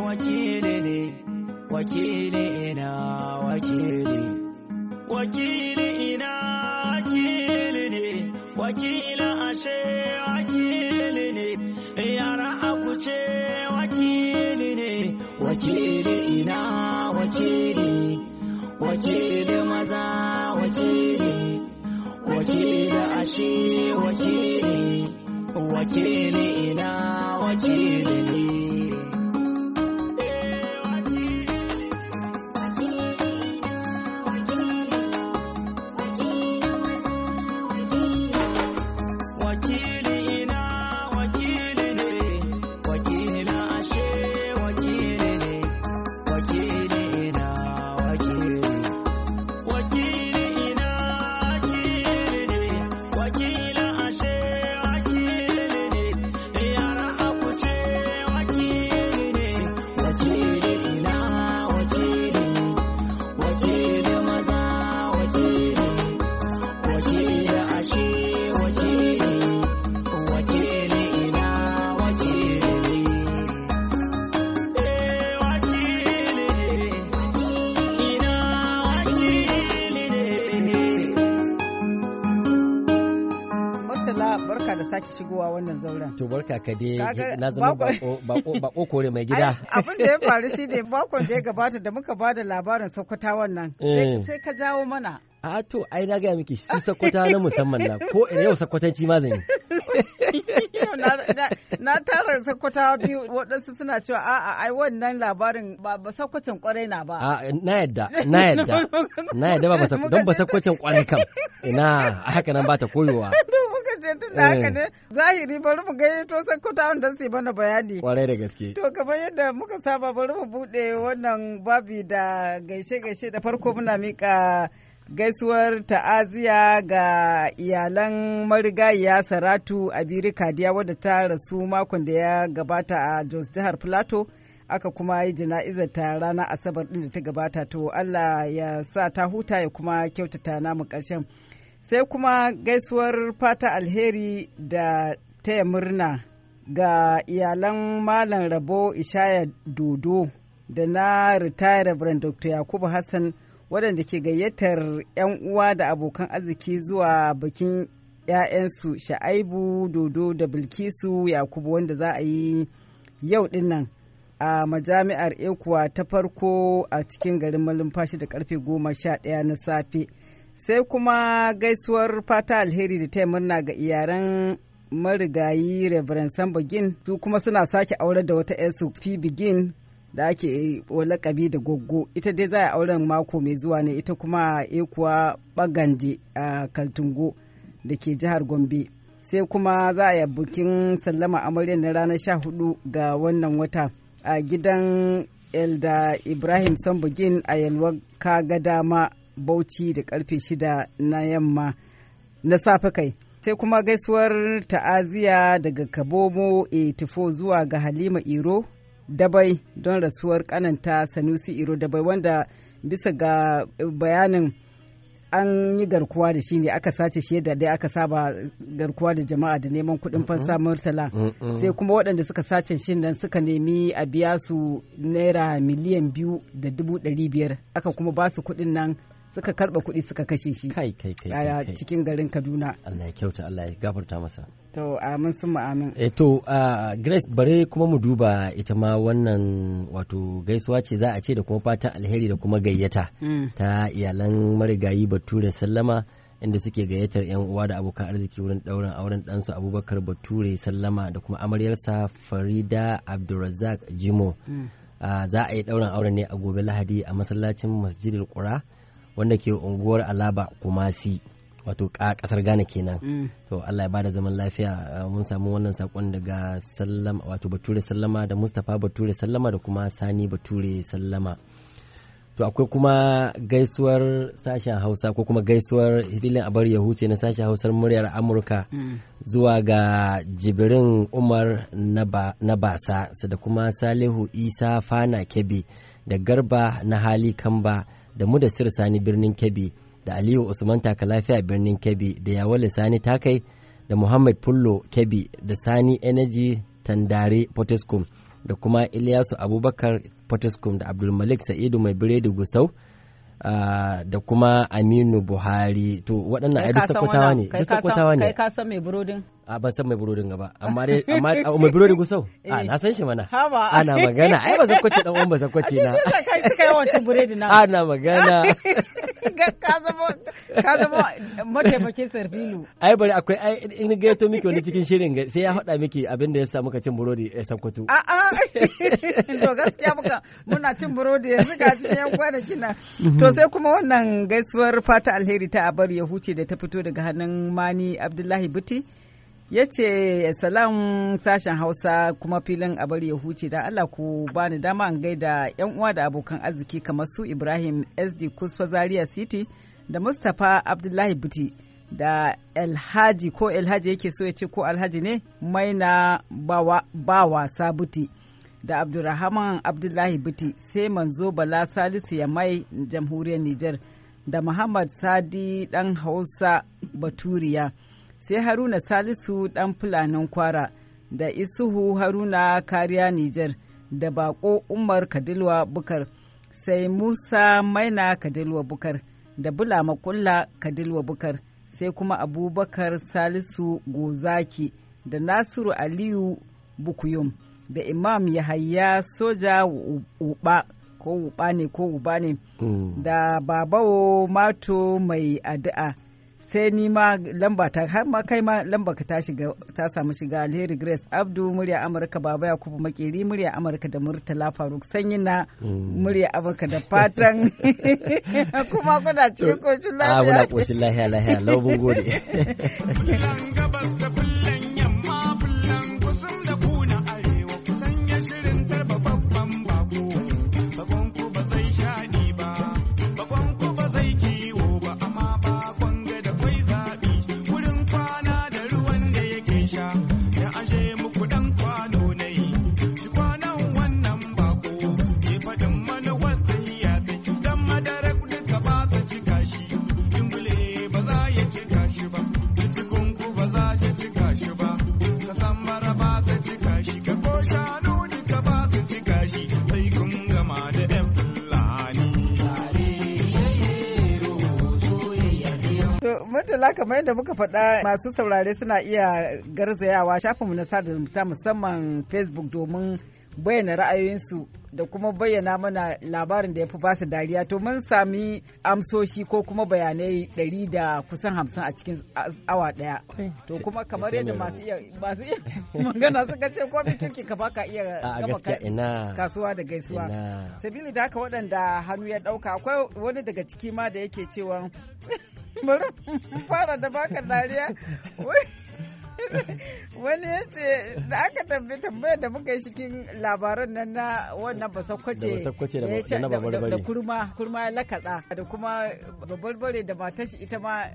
wakili ne wakili ina wakili wakili ina wakili ne wakili ashe wakili ne yara akuce wakili ne wakili ina wakili wakili maza wakili wakili ashe wakili wakili ina wakili ne to barka ka dai na zama bako kore mai gida abin da ya faru shi ne bakon da ya gabata da muka ba da labarin sokotawan nan eh. sai ka jawo mana A to ai na gaya miki su sakwata na musamman na ko yau sakwatanci ma zan yi. Na tara sakwata biyu waɗansu suna cewa a'a ai wannan labarin ba ba sakwacin kwarai na ba. Na yadda na yadda na yadda ba don ba sakwacin kwarai kam ina haka nan ba ta koyowa. ce tun da haka ne eh. zahiri bari mu to sakkwatawan wanda su yi mana bayani. Kwarai da gaske. To kamar yadda muka saba bari mu buɗe wannan babi da gaishe-gaishe da farko muna miƙa gaisuwar ta'aziya ga iyalan marigayiya saratu biri kadiya wadda ta rasu makon da ya gabata a jos jihar plateau aka kuma yi jana'izar ta ranar asabar din da ta gabata to allah ya sa ta huta ya kuma kyautata namu ƙarshen sai kuma gaisuwar fata alheri da taya murna ga iyalan malam rabo ishaya dodo da na ritaya reverend dr yakubu hassan waɗanda ke gayyatar 'yan uwa da abokan arziki zuwa bikin 'ya'yansu sha'aibu dodo da bilkisu yakubu wanda za a yi yau dinnan a majami'ar ekuwa ta farko a cikin garin malumfashi da karfe goma sha ɗaya na safe sai kuma gaisuwar fata alheri da ta murna ga iyaren marigayi reverend begin su kuma suna sake aure da wata 'yansu fi begin da ake lakabi da goggo ita dai za a auren mako mai zuwa ne ita kuma e-kuwa eh, bagande a kaltungo da ke jihar gombe sai kuma za a yi bikin sallama amaryar na ranar hudu ga wannan wata a gidan elda ibrahim sambugin a yalwa kaga dama bauchi da karfe 6 na yamma na safe kai sai kuma gaisuwar ta'aziya daga kabomo 84 zuwa ga halima iro dabai don rasuwar kananta sanusi iro dabai wanda bisa ga bayanin an yi garkuwa da shi ne aka sace shi yadda dai aka saba garkuwa da jama'a da neman kuɗin fansa murtala sai kuma waɗanda suka sace shi nan suka nemi a biya su naira miliyan biyu da dubu ɗari biyar aka kuma ba su kuɗin nan suka karɓa kuɗi suka kashe shi a cikin garin kaduna allah ya kyauta allah ya gafarta masa To amin sun amin. E to uh, Grace bare kuma mu duba ita ma wannan wato gaisuwa ce za a ce da kuma fatan alheri da kuma gayyata mm. ta iyalan marigayi Bature Sallama inda suke gayyatar 'yan uwa da abokan arziki wurin ɗaurin auren ɗansu Abubakar Bature Sallama da kuma amaryarsa Farida Abdulrazak Jimo. Mm. za a yi ɗaurin auren ne a gobe Lahadi a masallacin Masjidil kura wanda ke unguwar Alaba Kumasi. wato kasar ghana kenan mm. to allah ya bada zaman lafiya uh, mun samu wannan sakon daga sallama wato bature sallama da mustapha bature sallama da kuma sani bature sallama to akwai kuma gaisuwar sashen hausa ko kuma gaisuwar filin abar ya huce na sashen hausar muryar amurka mm. zuwa ga jibirin umar na basa da kuma salihu isa fana kebe da garba na hali kamba da mu da sani birnin kebe da Aliyu Usman taka lafiya birnin Kebbi da Yawale Sani Takai da Muhammad Fullo Kebbi da Sani Energy Tandare Potescom da kuma Ilyasu Abubakar Potescom da Abdulmalik Sa'idu Mai Biredi Gusau Uh, da kuma Aminu Buhari to waɗannan ai duk sakwatawa ne duk sakwatawa ne kai ka san mai burodin a ban san mai burodin gaba amma dai amma mai burodin gusau a eh. na san shi mana ana magana ai ba zakwace dan uwan ba zakwace na kai suka yawan cin burodi na ana magana ka zama mataimakin sarfilu ai bari akwai in gaito miki wani cikin shirin sai ya faɗa miki abinda ya samu ka cin burodi ya sakkwato a a to gaskiya muka muna cin burodi yanzu ga cikin yan kwanaki na to sai kuma wannan gaisuwar fata alheri ta abar ya huce da ta fito daga hannun mani abdullahi buti ya ce salam sashen hausa kuma filin abar ya huce da allah ku bani dama an gaida yan uwa da abokan arziki kamar su ibrahim sd kusfa zaria city da mustapha abdullahi buti da alhaji ko alhaji yake so ya ce ko alhaji ne maina ba wasa buti da abdurrahman abdullahi buti sai manzo bala salisu ya mai jamhuriyar niger da muhammad sadi dan hausa baturiya sai haruna salisu ɗan fulanin kwara da isuhu haruna kariya nijar da bako umar kadilwa bukar sai musa maina kadilwa bukar da bula maƙulla kadilwa bukar sai kuma abubakar salisu gozaki da nasiru aliyu bukuyum da imam yahaya soja uba ko uba ne ko uba ne hmm. da babawo mato mai addu'a sai ni ma lamba ta har ma kai ma lamba ka ta shiga ta samu shiga alheri grace abdu murya amurka baba kuma makeri murya amurka da murtala faruk sanyi na mm. murya amurka da fatan kuma kuna cikin kocin lafiya a muna kocin lafiya lafiya lau mun gode Murtala kamar yadda muka faɗa masu saurare suna iya garzayawa shafinmu na sada zumunta musamman Facebook domin bayyana ra'ayoyinsu da kuma bayyana mana labarin da ya fi basu dariya to mun sami amsoshi ko kuma bayanai ɗari da kusan hamsin a cikin awa ɗaya to kuma kamar yadda masu iya masu iya magana suka ce ko mai kirki ka baka iya gama kasuwa da gaisuwa sabili da haka waɗanda hannu ya ɗauka akwai wani daga ciki ma da yake cewa bari fara da baka dariya wani ya ce da aka tambaye tambaye da muka yi cikin labaran nan na wannan ba sakwace da kurma kurma ya lakatsa da kuma babarbare da matar shi ita ma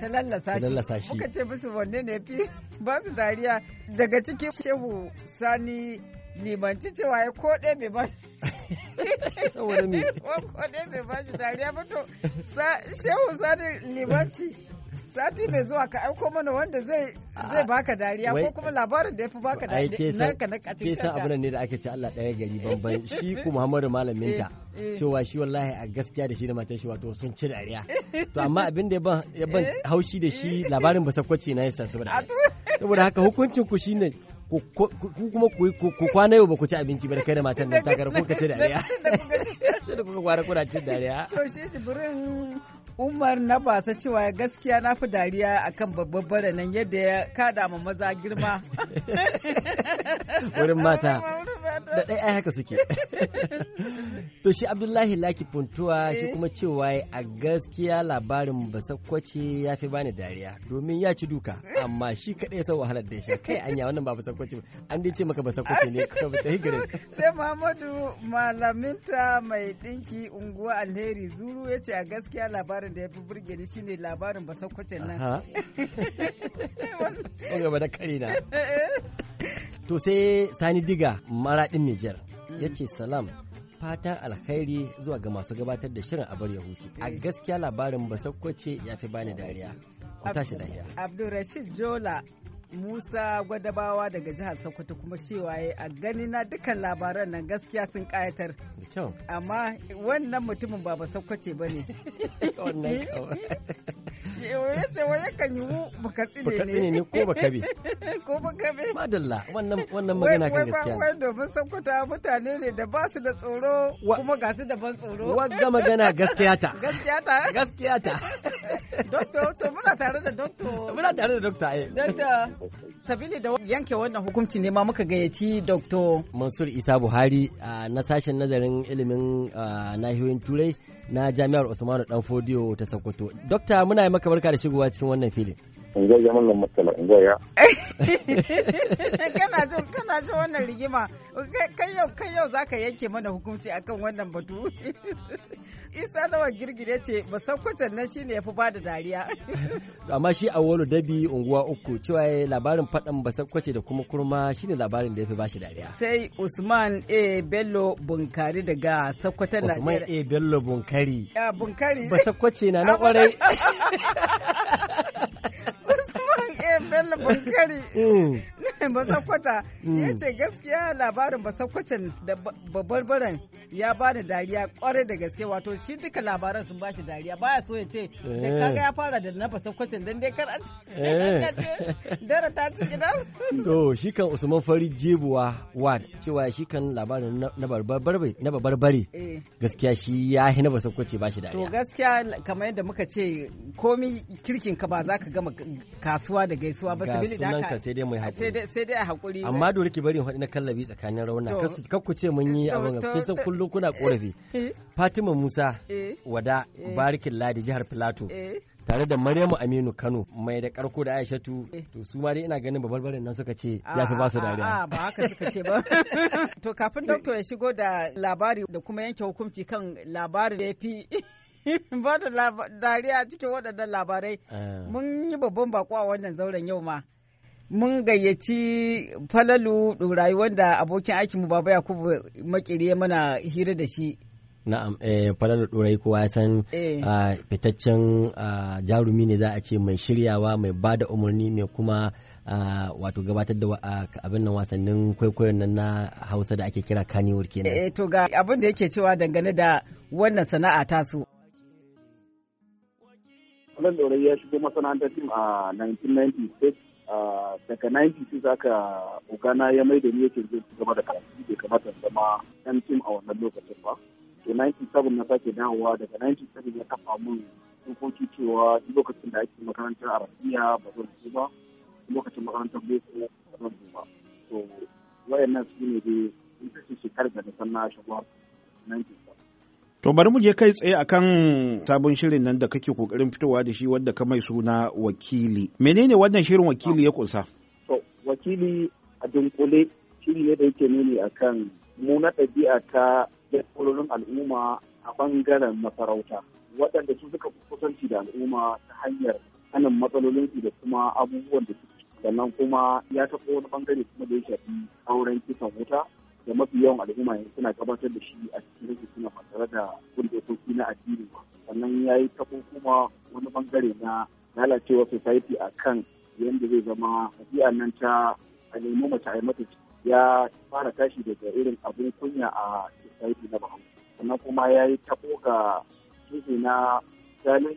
ta lallasa shi muka ce musu wanne ne fi ba su dariya daga cikin shehu sani limanci cewa ya koɗe bai ba saboda koɗe ba shi dariya ba to shehu sadar limanci sati mai zuwa ka aiko mana wanda zai zai baka dariya ko kuma labarin da ya fi baka dariya nan ka na katin kanka abin ne da ake ce Allah ɗaya gari bambam shi ku Muhammadu Malam Minta eh, eh. cewa shi wallahi a gaskiya da shi da matan shi wato sun ci dariya to amma abin da ya ban eh. haushi da shi labarin ba sakwace na yasa saboda haka hukuncin ku shine ku kuma ku ku kwana yau ba ku ci abinci ba da kai da matan nan takara ko ka ci dariya da kuka kwara kuna cin dariya to shi jibrin Umar na basa cewa gaskiya na fi dariya akan babban bara nan yadda ya kada ma maza girma wurin mata da ɗaya ai haka suke to shi abdullahi laki puntuwa shi eh. kuma cewa a gaskiya labarin basakwace ya fi bani dariya domin ya ci duka amma shi kaɗai ya san wahalar da shi kai anya wannan ba basakwace an dai ce maka basakwace ne ka ba ta sai muhammadu malaminta mai dinki unguwa alheri zuru ya ce a gaskiya labarin da ya fi burge ni shine labarin basakwacen nan ko gaba da kare na eh. to sai sani diga mara ɗin Nijar ya ce salam fatan alkhairi zuwa ga masu gabatar da shirin abar ya huce. A gaskiya labarin ce ya fi bani dariya. Ku tashi dariya. Abdulrashid Jola Musa Gwadabawa daga jihar Sokoto kuma cewa ya a gani na dukkan labaran nan gaskiya sun kayatar. Amma wannan mutumin ba ba Sokoce ba ne. Wannan ya ce wani kan yiwu bakatsi ne ne. ne ko bakabe. Ko bakabe. Madalla wannan magana kan gaskiya. Wai domin Sokoto mutane ne da ba su da tsoro kuma ga su da ban tsoro. Wagga magana gaskiya ta. Gaskiya ta. Gaskiya ta. Dokto to muna tare da dokto. Muna tare da dokta eh. Dokta. Sabili da yanke wannan hukunci ne ma muka gayyaci Dr. Mansur Isa Buhari na sashen nazarin ilimin nahiyoyin Turai na Jami'ar Usmanu Danfodiyo ta Sokoto. Dokta muna yi maka barka da shigowa cikin wannan filin. ungoya mallam matsala ya. kana jin kana jin wannan rigima kai yau kai yau zaka yanke mana hukunci akan wannan batu isa lawan girgire ce ba sakwacen nan shine yafi bada dariya amma shi a wolo dabi unguwa uku cewa labarin fadan ba sakwace da kuma kurma shine labarin da yafi bashi dariya sai usman a bello bunkari daga sakwata na usman a bello bunkari bunkari ba sakwace na na kwarai Bello Bankari mm. Basakwata mm. ya ce gaskiya labarin Basakwatan da babbarbaran ya ba da dariya kware da gaske wato shi duka labaran sun ba shi dariya baya so ya ce da kaga ya eh. fara da na Basakwatan dan dai kar eh. an dara ta ci gidan. To shi kan Usman Fari Jebuwa Wad cewa shi kan labarin na barbarbare eh. gaskiya shi ya hina Basakwace ba shi dariya. To gaskiya kamar yadda muka ce komi kirkin ka ba za ka gama kasuwa da gaske. gaisuwa ba sabili da sai dai mai hakuri sai dai a hakuri amma dole ki bari faɗi na kallabi tsakanin rauna kar ku ce mun yi abin kin san kullun kuna korafi eh. Fatima Musa eh. wada eh. barikin Ladi jihar Filato tare da Maryamu Aminu Kano mai da karko da Aishatu to su ma dai ina ganin babalbarin nan suka ce ya fi ba su dariya. A ba haka suka ce ba. To kafin doctor ya shigo da labari da kuma yanke hukunci kan labarin da ya fi ba da dariya cikin waɗannan labarai ah. mun yi babban bako a wannan zauren yau ma mun gayyaci falalu ɗorayi wanda abokin aikin mu baba yakubu makiri mana hira da shi na'am eh falalu ɗorayi kowa ya san eh. ah, fitaccen ah, jarumi ne za a ce mai shiryawa mai ba da umarni mai kuma wato gabatar da abin nan wasannin kwaikwayon nan na hausa da ake kira kanewar kenan eh to ga abin da yake cewa dangane da wannan sana'a tasu Alan Daure ya shigo masana'antar fim a 1996 daga 96 aka ogana ya mai da ni yake zai gaba da karatu bai kamata zama ɗan fim a wannan lokacin ba. To 97 na sake dawowa daga 97 ya kafa mun dokoki cewa lokacin da ake makarantar arabiya ba zan zo ba lokacin makarantar boko ba zan zo ba. To wayannan su ne dai ita ce shekarar da na san na shigo 97. To bari mu je kai tsaye akan sabon shirin nan da kake kokarin fitowa da shi wanda ka mai suna wakili. Menene wannan shirin wakili ya kunsa? To wakili a dunkule shiri ne da yake nuni akan mu na ɗabi'a ta jagororin al'umma a bangaren masarauta waɗanda su suka kusanci da al'umma ta hanyar sanin matsalolinsu da kuma abubuwan da suke sannan kuma ya taɓa wani bangare kuma da ya shafi auren kisan wuta da mafi yawan al'umma suna gabatar da shi a cikin suna tare da kun na addini sannan ya yi kafin kuma wani bangare na lalacewa society a kan yadda zai zama tafiya nan ta a nemi mace a mata ya fara tashi daga irin abin kunya a society na bahaushe sannan kuma ya yi tabo ga kishi na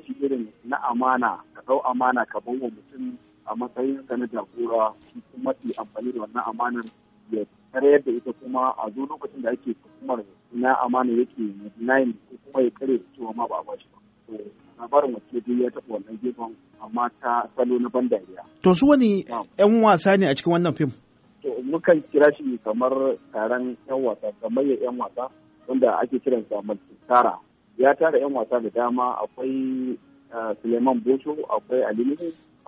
shi irin na amana ka dau amana ka bawa mutum a matsayin na jagora shi kuma amfani da wannan amanar ya karyar da ita kuma a zo lokacin da ake hukumar na amana yake na yin ko kuma ya kare cewa ma ba a bashi ba. labarin wace dai ya taɓa wannan gefen amma ta salo na ban dariya. To su wani 'yan wasa ne a cikin wannan fim? To mukan kira shi kamar taron 'yan wasa kamar ya 'yan wasa wanda ake kiran sa tara. Ya tara 'yan wasa da dama akwai Suleiman Bosho, akwai Ali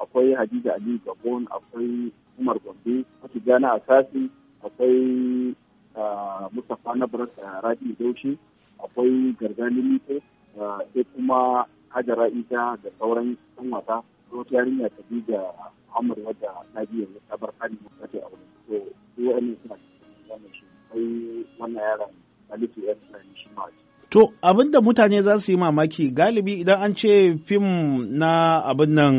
akwai Hadiza Ali Gabon, akwai Umar Gombe, wasu Gana Asasi, akwai ah, mustapha na baras a ah, rabi daushe akwai gargani mito ah, sai kuma hajara ita da sauran yan wasa wata yarinya ta bi da hamar wadda na biya ya sabar kari na ta aure to su wani suna wannan shi akwai wannan yaran alifu ya suna shi ma To abinda mutane za su yi mamaki galibi idan an ce fim na abin nan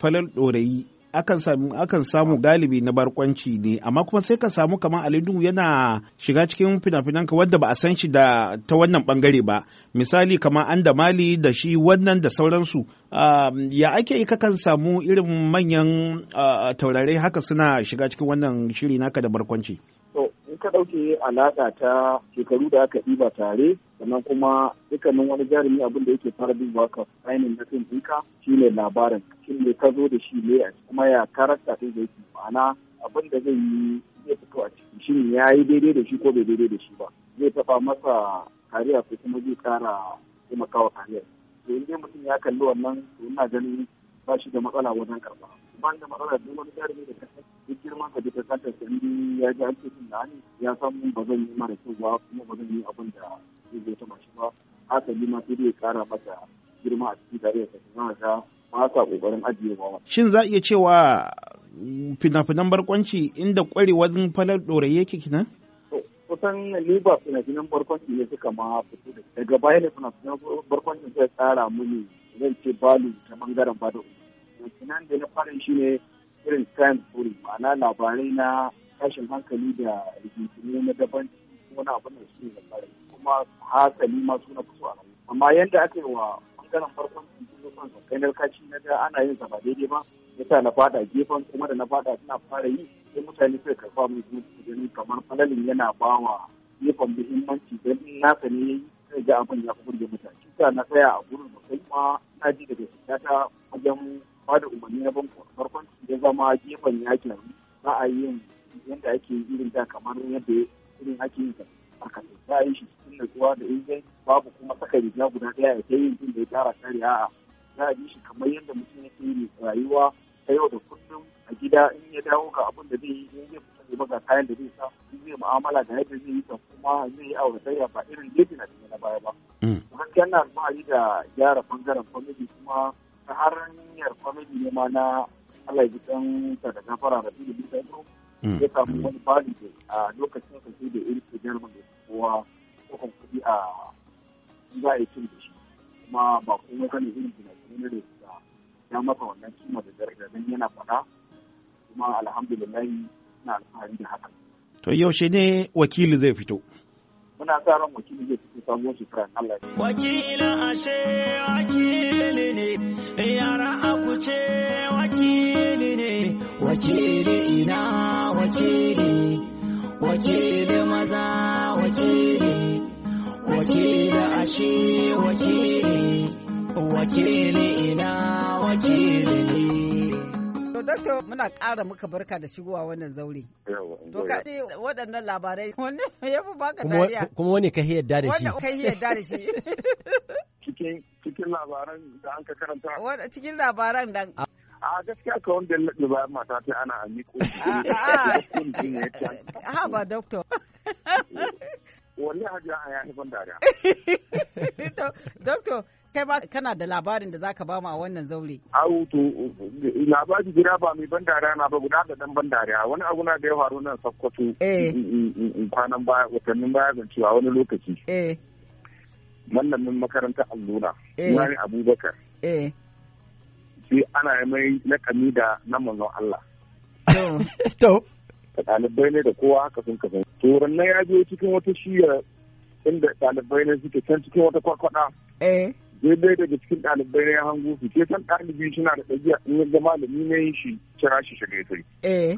falal ɗorayi akan samu galibi na barkwanci ne amma kuma sai ka samu kamar alidu yana shiga cikin fina-finan ka wanda ba a san shi da ta wannan bangare ba misali kamar an da mali da shi wannan da sauransu um, ya ake yi kakan samu irin manyan uh, taurarai haka suna shiga cikin wannan shiri naka da barkwanci to in ka ɗauke alaƙa ta shekaru da aka ɗiba tare sannan kuma dukkanin wani jarumi abin da yake fara bin waka ainihin na fim ɗinka shine labarin shi ne ka zo da shi ne kuma ya karasta ɗin da yake ma'ana abin da zai yi zai fito a ciki ne ya yi daidai da shi ko bai daidai da shi ba zai taɓa masa kariya ko kuma zai ƙara taimakawa kariya to in dai mutum ya kalli wannan to ina ganin ba shi da matsala wajen karɓa. ban da matsalar duk wani jarumi da ka duk girman ka duka kanta sai ya ji an ce sun na ne ya samu ba zan yi mara kyau ba kuma ba zan yi abin da zai zo ta mashi ba haka yi ma sai dai kara mata girma a cikin tarihi ta, kuma ga ba sa kokarin ba. Shin za a iya cewa fina-finan barkwanci inda kwarewar falar ɗorayi yake kinan? kusan liba fina-finan barkwanci ne suka ma fito daga baya ne fina-finan barkwancin zai tsara mini zan ce balu ta bangaren bada kenan da na fara shi ne irin crime story ma'ana labarai na tashin hankali da rigingimu na daban wani abu da su ne fara kuma hasali masu suna fito a amma yadda aka wa ɓangaren farkon cikin da kai kashi na da ana yin sa daidai ba ya yasa na fada gefen kuma da na fada suna fara yi sai mutane suka karfa mu kuma su ganin kamar falalin yana bawa gefen muhimmanci don na sani ya yi sai ga abin ya fi burge mutane. na tsaya a gurin da kuma na ji daga ta wajen ba da umarni na barkwanci ya zama gefen yakin za a yi yadda ake irin da kamar yadda irin ake yin da. aka za a yi shi cikin natsuwa da inganci babu kuma saka riga guda ɗaya ya ta yin da ya tara kare a'a za a yi shi kamar yadda mutum ya ke yi rayuwa ta yau da kullum a gida in ya dawo ga abin da zai yi in zai fita ne ga kayan da zai sa in zai mu'amala da yadda zai yi ta kuma zai yi aure auratayya ba irin yadda na na baya ba. Mm. Gaskiya na alfahari da gyara bangaren gwamnati kuma ta har niyyar kwamiti ne ma na Allah ji kan da gafara da tudu bisa ido ya samu wani bali a lokacin ka sai da irke jarman da kowa kukan kuɗi a za a yi cin da shi kuma ba kuma kane irin fina ne da suka ya masa wannan kima da daraja don yana faɗa kuma alhamdulillah ina alfahari da haka. To yaushe ne wakili zai fito? muna sa ran wakili zai fito sabuwar shekara Allah ya wakili ashe wakili ne yara aku ce wakili ne wakili ina wakili wakili maza wakili wakili ashe wakili wakili ina wakili ne doctor muna ƙara muka barka da shigowa wannan zaure. To ka ce waɗannan labarai wani ya fi baka dariya. Kuma wani kai yadda da shi. Wani kai yadda da shi. Cikin labaran da an ka karanta. cikin labaran da. A gaskiya ka wanda ya bayan mata ta ana a miƙo. Ha ba doctor. Wanne hajiya a yahi ban dariya. Doctor kai ba kana da labarin da zaka ba mu a wannan zaure. Au to labari gida ba mai ban dariya na ba guda da dan ban dariya wani abu na da ya faru nan Sokoto. Eh. Kwanan baya watannin baya zancewa wani lokaci. Eh. Mallamin makarantar Alluna. Eh. Abubakar. Eh. Sai ana yi mai lakami da na manzon Allah. To. Ɗalibai ne da kowa haka sun kasance. Turan na ya je cikin wata shiya inda ɗalibai ne suke can cikin wata kwakwada. Eh. daidai daga cikin ɗalibai ya hango su ke san ɗalibi suna da ɗabi'a in ya ga malami ne shi kira shi shiga ya sai. Eh.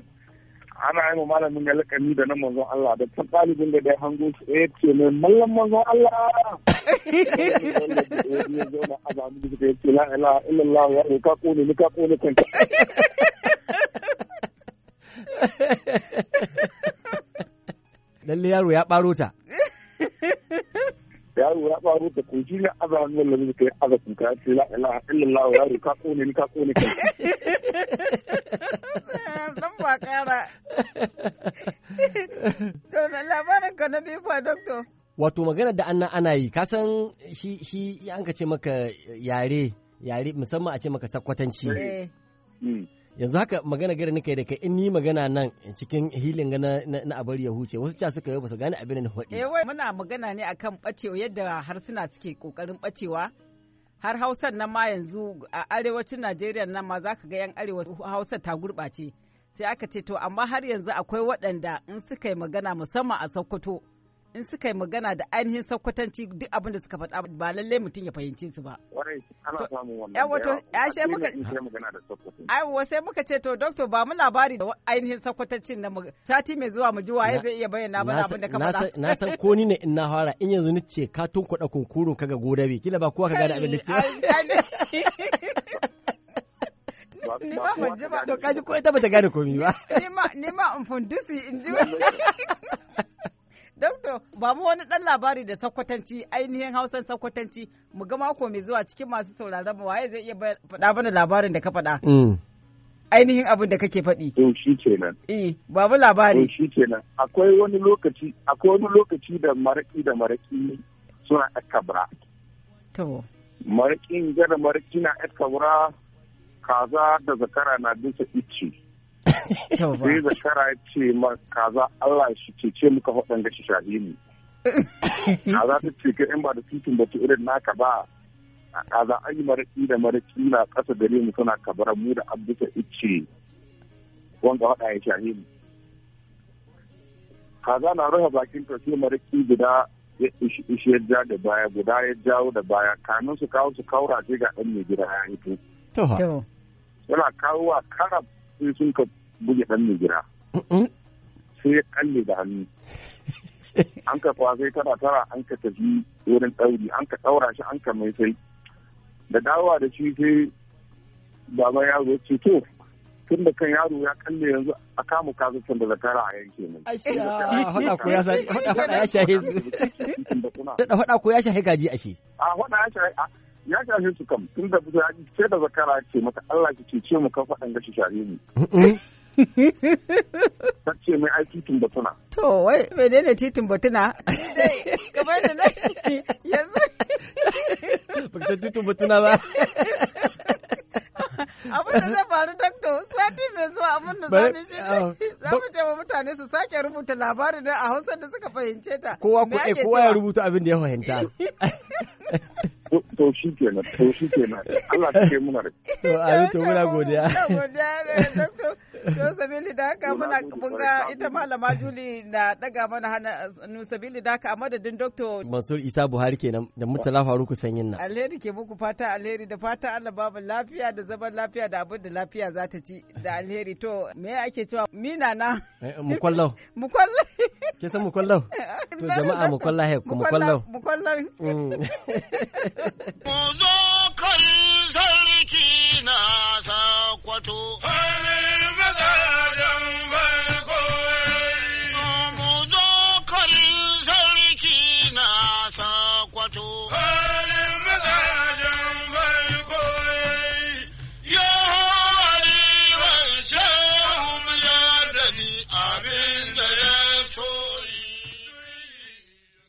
ana yi malamin ya lakami da na manzon Allah da ta ɗalibin da ya hango su ɗaya eh, ce mai mallan manzon Allah. a Lalle yaro ya ɓaro ta. yaro ya baro da ne kai kuka ce la ilaha illallah yaro ka kone ni ka kone wato magana da anna ana yi kasan shi an ka ce maka yare musamman a ce maka sakwatanci eh. hmm. yanzu haka magana gare ni kai da kai in ni magana nan cikin hilin na na abar ya huce wasu ca suka yi ba su gane abin da faɗi eh muna magana ne akan bacewa yadda harsuna suke kokarin bacewa har hausan nan ma yanzu a arewacin Najeriya nan ma zaka ga yan arewa hausa ta gurbace sai aka ce to amma har yanzu akwai waɗanda in suka yi magana musamman a Sokoto in suka yi magana da ainihin sakwatanci duk abin da suka faɗa ba lallai mutum ya fahimci su ba. Kwarai, ana samun wannan. Yawa ya sai muka Aiwa sai muka ce to doctor ba mu labari da ainihin sakwatancin na sati mai zuwa mu ji waye zai iya bayyana mana abin da ka faɗa. Na san ko ni ne in na fara in yanzu ni ce ka tunkuɗa kunkurun gobe bi kila ba kowa ka gane abin da ce. ni ma ban ji ba to kaji ko ita bata gane komi ba ni ma ni ma in fundusi in ji Dokto, ba mu wani ɗan labari da sakwatanci ainihin hausan sakwatanci mu ga mako mai zuwa cikin masu sauraron mu waye zai iya faɗa mana labarin da ka faɗa. Mm. Ainihin abin da kake faɗi. Eh shi kenan. Eh babu labari. Eh shi kenan. Akwai wani lokaci akwai wani lokaci da maraki da maraki suna akabra. To. Marakin gara maraki na akabra kaza da zakara na bisa icce. Sai zakara ce ma kaza Allah shi cece muka faɗan gashi shahini. Kaza ta ce ka in ba da titin ba ta irin naka ba. Kaza an yi maraƙi da maraƙi na ƙasa gare mu suna kabara mu da abdusa ice wanda faɗa ya shahini. Kaza na rufe bakin ka sai maraƙi guda ya ishi ya ja da baya guda ya jawo da baya kamin su kawo su kaura ce ga ɗan mai gida ya hito. Yana kawo wa karab sai sun ka buge dan mai gida sai ya kalle da hannu an ka sai tara tara an ka tafi wurin ɗauri an ka ɗaura shi an ka mai sai da dawowa da shi sai baba yaro ce to tun da kan yaro ya kalle yanzu a kama can da zakara a yanke mai. a ko ya shahi da hada ko ya shahi gaji ashe. A hada ya shahi ya shahi su kam tun da ya ce da zakara ce mata Allah ki cece mu kan faɗan gashi shahi ne. ce mai ai titin batuna. To wai menene titin batuna? Kamar da na yanzu. Baka san titin batuna ba. abin da zai faru dakto sati mai zuwa abin da zamu shi za mu ce uh, wa mutane su sake rubuta labarin nan a Hausa da suka fahimce ta kowa ko eh kowa ya rubuta abin da ya fahimta to shi kenan to shi kenan Allah ta kai muna da to muna godiya godiya to sabili da haka muna ita malama Juli na daga mana hannu sabili da haka a madadin doctor Mansur Isa Buhari kenan da Murtala Faruku sanyin nan alheri ke muku fata alheri da fata Allah babu lafiya da zaman lafiya lafiya da abin da lafiya za ta ci da alheri to me ake cewa mina na eh, eh, mukwallau mukwallau ke san mukwallau to jama'a mukwallau mukwallau mukwallau zo mm. kan sarki na sakwato